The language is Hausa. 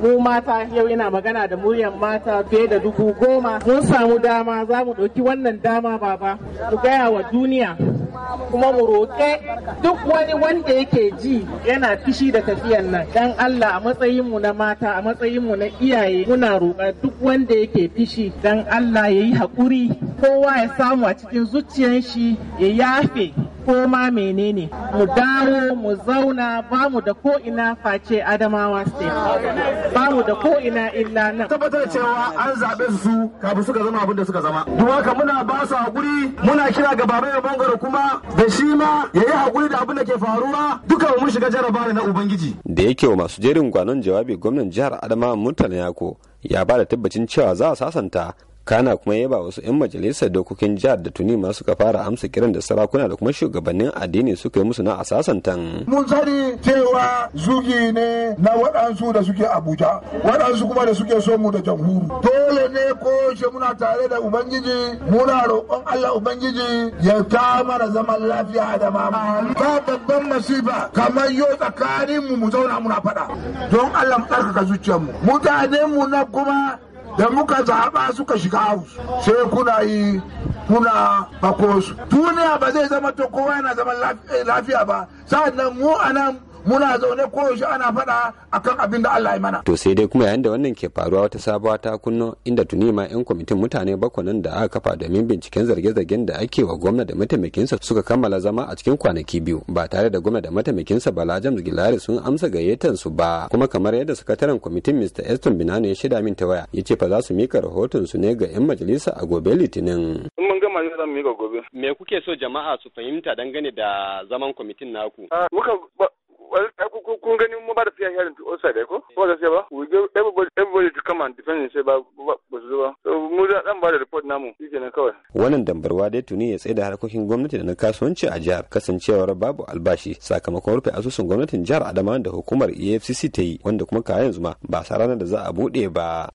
Mu mata yau ina magana da muryan mata fiye da dubu goma mun samu dama za mu ɗauki wannan dama baba mu gaya wa duniya kuma mu roƙe duk wani wanda yake ji yana fishi da tafiyan nan dan Allah a matsayin mu na mata a matsayin mu na iyaye muna roƙa duk wanda yake fishi dan Allah ya yi haƙuri kowa ya samu a cikin zuciyar shi ya yafe ko ma menene mu dawo mu zauna ba mu da ko ina face adamawa state ba mu da ko ina illa nan tabbatar cewa an zaɓe su kafin suka zama abin da suka zama duwaka muna ba su hakuri muna kira ga baba ya bangare kuma da shi ma yayi yi hakuri da abin da ke faruwa duka mu shiga jarabawa na ubangiji da yake wa masu jerin gwanon jawabi gwamnan jihar adamawa murtala yako ya ba da tabbacin cewa za a sasanta kana kuma yaba wasu 'yan majalisar dokokin jihar da tuni ma suka fara amsa kiran da sarakuna da kuma shugabannin addini suka yi musu na asasantan. mun sani cewa zugi ne na waɗansu da suke abuja waɗansu kuma da suke so mu da jamhuri dole ne ko she muna tare da ubangiji muna roƙon allah ubangiji ya ta mara zaman lafiya da mama ba babban masifa kamar yau tsakanin mu mu zauna muna faɗa don allah mu zuciyar mu. mutanen mu na kuma da muka zaɓa suka shiga haus sai kuna yi kuna bako su duniya ba zai zama to kowa yana zama lafiya ba sa'an nan mu anan muna zaune koyaushe ana faɗa akan abin da Allah ya mana. To sai dai kuma yayin da wannan ke faruwa wata sabuwa ta kunno inda tuni ma 'yan kwamitin mutane bakwai nan da aka kafa domin binciken zarge-zargen da ake wa gwamna da mataimakinsa suka kammala zama a cikin kwanaki biyu ba tare da gwamna da mataimakinsa Bala James Gilari sun amsa gayyatar su ba kuma kamar yadda sakataren kwamitin Mr. Eston Binano ya shida min ta waya yace ce fa za su mika rahoton su ne ga 'yan majalisa a gobe Litinin. mun gama zan mika gobe. Me kuke so jama'a su fahimta dangane da zaman kwamitin naku? Ah, muka kun gani mun ba da fiya hearing to outside ko ko da sai ba we give everybody everybody to come and defend sai ba ba su ba so mu da dan ba da report namu ne kawai wannan dambarwa dai tuni ya tsaye da harkokin gwamnati da na kasuwanci a jihar kasancewar babu albashi sakamakon rufe asusun gwamnatin jihar Adamawa da hukumar EFCC ta yi wanda kuma ka yanzu ma ba sa ranar da za a bude ba